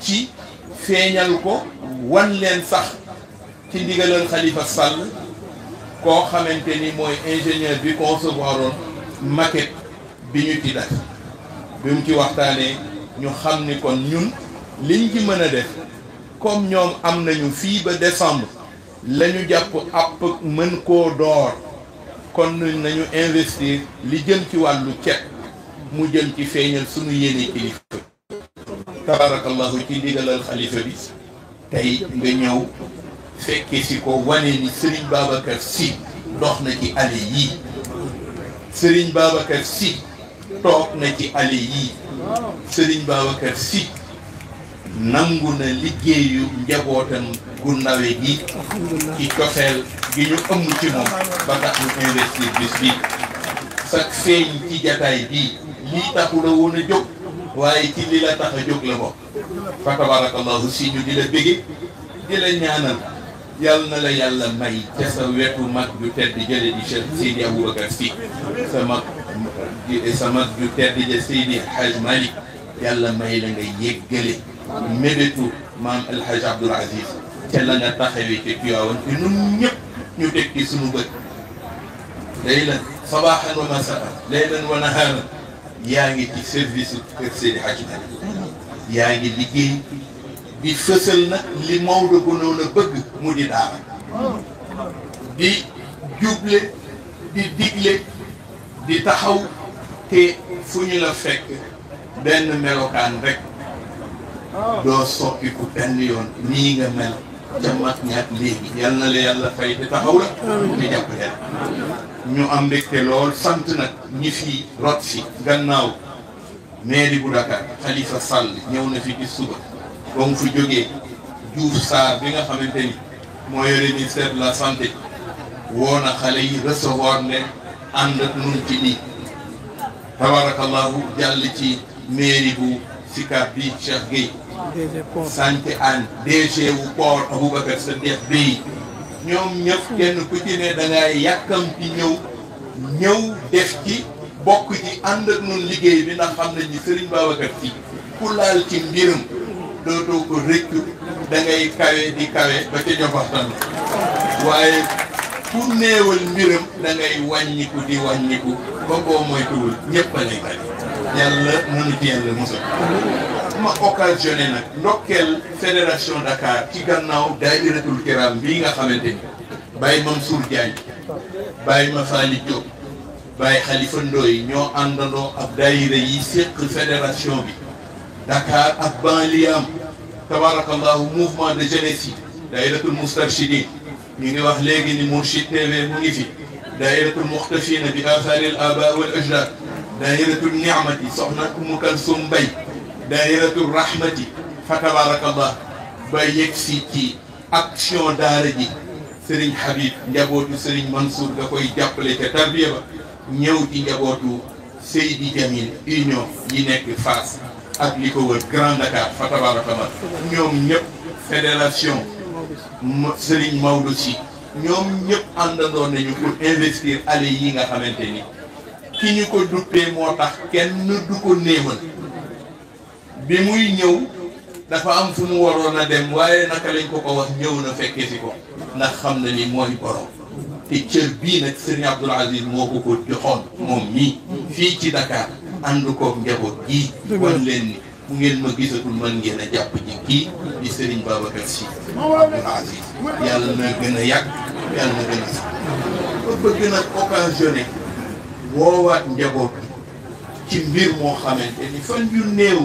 ci feeñal ko wan leen sax ci ndigalal Khalifa Sall koo xamante ni mooy ingénieur bi concevoiroon maquette bi ñu ci def bi mu ci waxtaanee ñu xam ni kon ñun liñ ci mën a def comme ñoom am nañu fii ba décembre lañu ñu jàpp àpp mën koo door kon nañu investir li jëm ci wàllu cet mu jëm ci feeñal sunu yéene kilifa tabarakallahu ci ndigalal xalifa bi tey nga ñëw fekke si ko wane ni Serigne Babacar Sy dox na ci allée yii Serigne Babacar Sy na ci allée yii Serigne Babacar Sy nangu na liggéeyu njabootam gu nawe gi ci cofeel gi ñu ëmm ci moom ba tax ñu investir bis bi sag feeñ ci jataay bi lii taxu la woon jóg waaye ci li la tax a jóg la bokk fa tabarakallahu si ñu di la bége di la na la yàlla may ca sa wetu mag ju tedd jële di Cheikh Seydi Aboubacar Sy sa mag sa mag ju tedd ja Seydi Haj Malick yàlla may la nga yéggale mébétu maam El Hadj Abdoul Aziz ca la nga taxawee ca Tiwaawan te ñun ñëpp ñu tekki suñu bët laylan wa masaan laylan wa nahaaran yaa ngi ci service su kër Seydi Hadji Malick yaa ngi liggéey di fësal nag li Maodo gënoon a bëgg mu di daara di juble di digle di taxaw te fu ñu la fekk benn melokaan rek doo soppiku benn yoon nii nga mel dem ak ñaat léegi yal la yàlla fay te taxaw la te jàpp leen ñu am mbégte lool sant nag ñi fi rot fi gannaaw mairie bu Dakar Khalifa Sall ñëw na fi ci suba ba mu fi jógee Diouf Sarr bi nga xamante ni moo yore la santé woo na xale yi recevoir leen ànd ak nun ci nii tabarakallahu jàll ci mairie bu Sicap bi Cheikh Gueye sant an DG wu port Aboubacar sa ndeef bi ñoom ñëpp kenn ku ci ne da yàkkam ci ñëw ñëw def ci bokk ci ànd ak nun liggéey bi ndax xam nañu sëriñ Babacar ci ku laal ci mbirum dootoo ko rëccu da kawe di kawe ba ca jofaxtan waaye ku néewal mbiram da ngay wàññiku di wàññiku ba boo moytuwul ñëpp a lay yàlla mënu ci yàlla musal ma occasionné nag ndokkeel fédération Dakar ci gannaaw daayiratul kiram bii nga xamante ni Baye Mansour Diagne Baye Mafali Diop Baye Khalifa Ndoye ñoo àndandoo ak daayira yi séq fédération bi Dakar ak banliyaam tabarakallahu mouvement de jeunesse yi daayiratul moustarchidine ñu ngi wax léegi ni Mourchid TV mu ngi fi daayiratul muxtafina bi athaaril aba wal ajdad daayiratul niamati soxna Umu Kalsum Mbay daayiratul rahmati fa tabarakallah ba yegg si ci action daara ji sëriñ Habib njabootu Serigne Mansour da koy jàppale ca tarbiya ba ñëw ci njabootu Seydi Jamil union yi nekk Fass ak li ko wër Grand Dakar fa tabarakallah ñoom ñëpp fédération Serigne Maodo Sy ñoom ñëpp àndandoo nañu pour investir allé yi nga xamante ni ki ñu ko duppee moo tax kenn du ko néemal bi muy ñëw dafa am su mu waroon a dem waaye naka lañ ko ko wax ñëw na fekke si ko ndax xam na ni mooy borom te cër bii nag Serigne Abdoul Aziz moo ko ko joxoon moom mii fii ci Dakar ànd koog njaboot gii wan leen ni ngeen ma gisatul mën ngeen a jàpp ci kii di Serigne Babacar Sy Aziz yàlla na gën a yàgg yàlla na gën a sax ba bëgg nag occasionné woowaat njaboot ci mbir moo xamante ni fan yu néew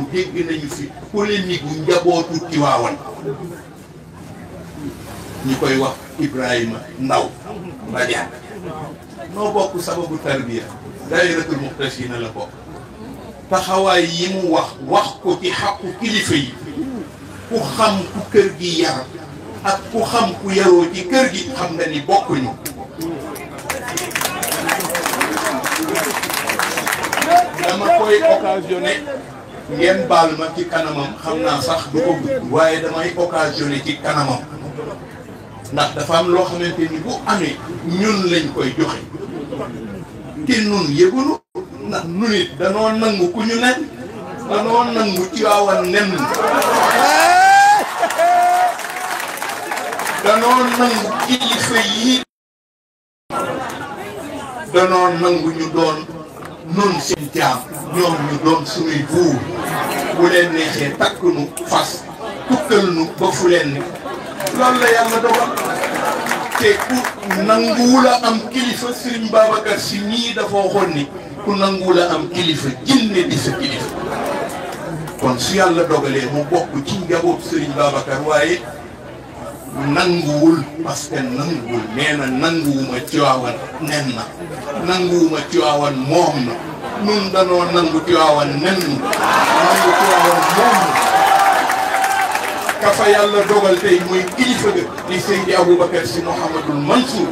nañu fi polémique njabootu Tiwaawan ñu koy wax Ibrahima Ndaw Badiane noo bokk sababu tarbiya daayiratul muxtasina la bokk taxawaay yi mu wax wax ko ci xaqu kilifa yi ku xam ku kër gi yar ak ku xam ku yaroo ci kër gi xam nga ni bokkuñu damay occasionné ci kanamam xam naa sax du ko waaye damay occasionné ci kanamam ndax dafa am loo xamante ni bu amee ñun lañ koy joxe te nun yëgunu ndax nu nit danoo nangu ku ñu nen danoo nangu ci waawan nen danoo nangu kilifa yi danoo nangu ñu doon noonu seen jaam ñoom ñu doon suñuy buur bu leen neexee takk nu fas tukkal ba fu leen ne loolu la yàlla dogal te ku nanguwul am kilifa Serigne Babacar Sy nii dafa waxoon ku nanguwul am kilifa jinne di sa kilifa kon su yàlla dogalee mu bokk ci njaboot Serigne Babacar waaye nanguwul parce que nanguwul nee na nanguwuma Tiwaawan nen na nanguwuma Tiwaawan moom na nun danoo nangu Tiwaawan nen na nangu Tiwaawan moom na ka yàlla dogal tey muy kilifa ga di Seydi Aboubacar si Mouhamadul Mansour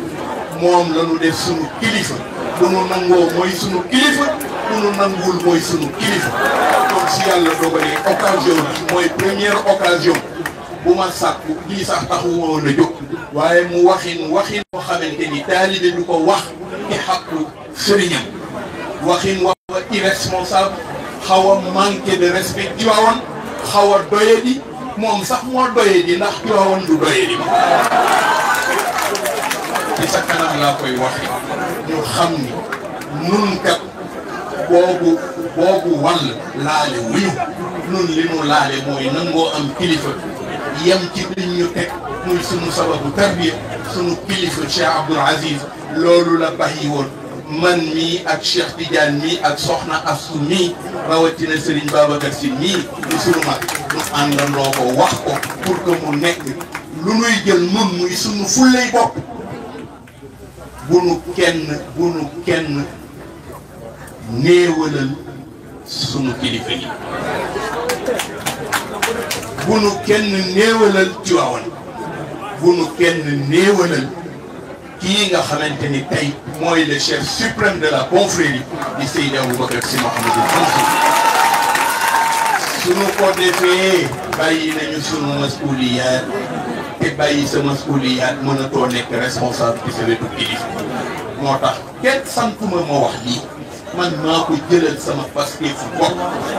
moom la def sunu kilifa bu nu nangoo mooy sunu kilifa bu nu nanguwul mooy sunu kilifa kon si yàlla dogalee occasion bi mooy première occasion bu ma sàkku lii sax taxuma woon a jóg waaye mu waxin waxin boo ni taalibe du ko wax ci xàqu sëriñam waxin wax wa irresponsable xaw a manqué de respect Tiwaawan xaw a doyadi moom sax moo doyadi ndax Tiwaawan du doyadi ma ci sa kanam laa koy waxe ñu xam ni nun kat boobu boobu wàll laale wuñu nun li nu laale mooy nangoo am kilifa yem ci li ñu teg muy sunu sababu tarbiya sunu kilifa Cheikh Abdoul Aziz loolu la bàyyi woon man mii ak Cheikh Tidiane mii ak Soxna Astou mii rawatina Serigne Babacar Sy mii di sunu mag ñu àndandoo ko wax ko pour que mu nekk lu nuy jël nun muy sunu fullay bopp bu nu kenn bu nu kenn néewalal sunu kilifa yi. bu nu kenn néewalal Tiwaawan bu kenn néewalal kii nga xamante ni tey mooy le chef suprême de la confrérie di Seydi Aboubacar Sy Mouhamadou Mansour sunu ko defee bàyyi nañu sunu masuuliyaat te bàyyi sa masuuliyaat mënatoo nekk responsable ci sa wetu moo tax kenn santuma ma wax lii man maa jëlal sama basket bu bopp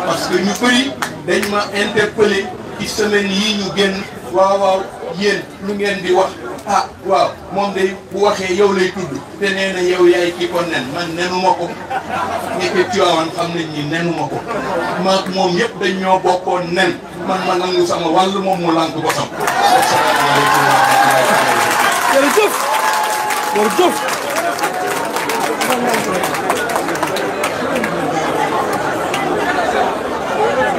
parce que ñu bëri dañ ma interpellé ci semaine yi ñu génn waaw waaw yéen lu ngeen di wax ah waaw moom day bu waxee yow lay tudd te nee na yow yaay ki ko nen man nenu ko nekk Tiwaawan xam nañ ni nenu ko maak moom yëpp dañ ñoo bokkoon nen man ma nangu sama wàll moom mu lànk ko sam asalaamaaleykum wa rahmatulah jërëjëf jërëjëf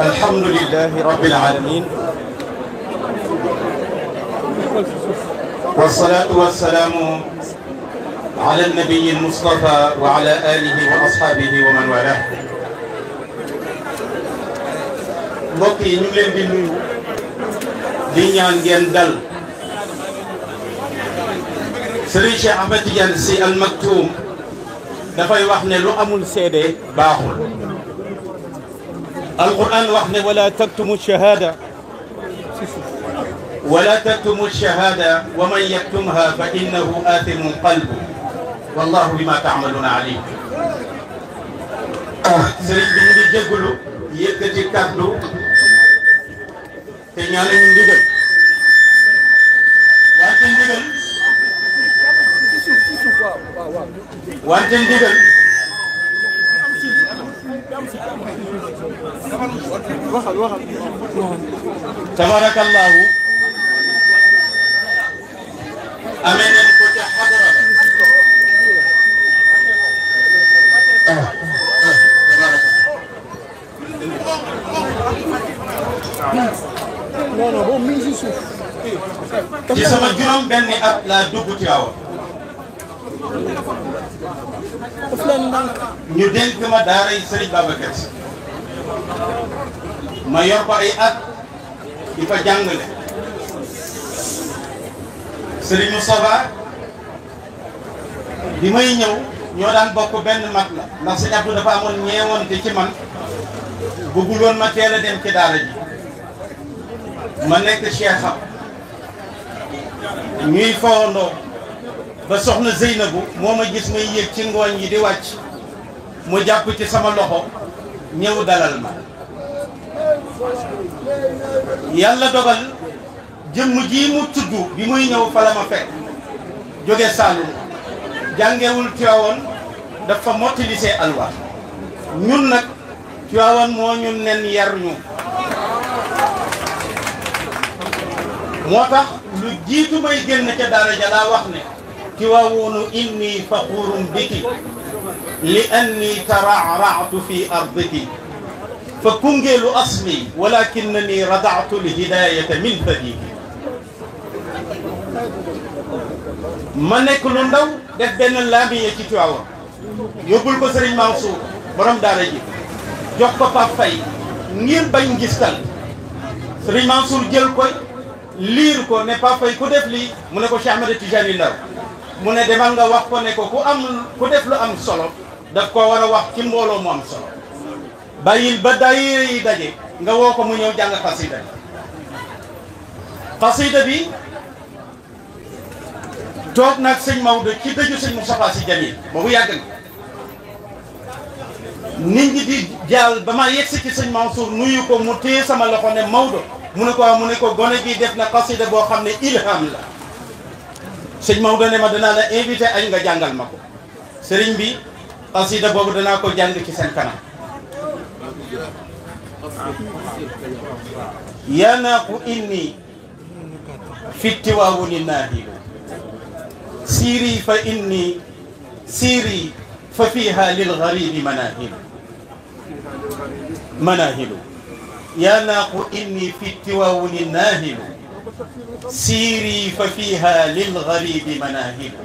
alhamdulillahi rabbil alamin والصلاة والسلام على النبي المصطفى وعلى آله وأصحابه ومن والاه mbokk yi ñu ngi leen di nuyu di ñaan ngeen dal Serigne Cheikh Ahmed Tidiane Sy Al Maktoum dafay wax ne lu amul seede baaxul alquran wax ne wala taktumu shahada wala taktumu shahada wa man yaktumha fa innahu athimun qalbu wallahu bima taamaluuna alim ah, sëriñ bi ñu ngi jégalu yëkkati kàddu te ñaane ñu ndigal wante ndigal wante ndigal waxal waxal tabarakallahu amee nañ ko ca xadara non non boobu mi ngi si suuf ci sama juróom benni at laa dugg ci awa daf ñu dénk ma daara yi Serigne Babacar Sy ma yor ko ay at di fa jàngale Serigne Moustapha bi may ñëw ñoo daan bokk benn mat la ndax Serigne Abdou dafa amoon ñeewante ci man bëggul woon ma teel a ci daara ji ma nekk Cheikh xam ñuy fawandoo ba soxna Zeynabu moo ma gis may yéeg ci ngooñ yi di wàcc mu jàpp ci sama loxo ñëw dalal ma yàlla dogal jëmm ji mu tudd bi muy ñëw fa la ma fekk jóge Saalum jàngewul Tiwaawan dafa motilisee alwa ñun nag Tiwaawan moo ñun nen yar ñu moo tax lu jiitu may génn ca daara laa wax ne Tiwaawoonu inni faxuurun biki li anni taracractu fi ardiki fa kungeelu asli walakinani radactu lhidaayata min fadiki ma nekk lu ndaw def benn laamiye ci Tiwaawoon yóbbul ko Sëriñ Mansour borom daara jox ko Pape ngir bañ ngistal Sëriñ Mansour liir ko ne Pape Faye mu ne ko Cheikh Ahmed Tidiane mu ne demal nga wax ko ne ko ku am ku def lu am solo daf ko war a wax ci mbooloo mu am solo bàyyil ba daayira yi daje nga woo ko mu ñëw jàng xasida bi xasida bi toog nag sëñ Maodo ci dëju sëñ Moustapha Sy Jamil boobu yàgg na nit ñi di jaal ba ma yegsi ci sëñ Mansour nuyu ko mu téye sama loxo ne Maodo mu ne ko mu ne ko gone gi def na xasida boo xam ne ilham la sëñ Maodo invité añ nga jàngal ma ko sëriñ bi xasida boobu danaa ko jàng ci seen kanam yanaaku inni fitti waawu ni naahilu siiri fa fiiha lil garibi manahilu manahilu yanaaku inni fitti waawu ni naahilu siiri fa fiiha lil garibi manahibu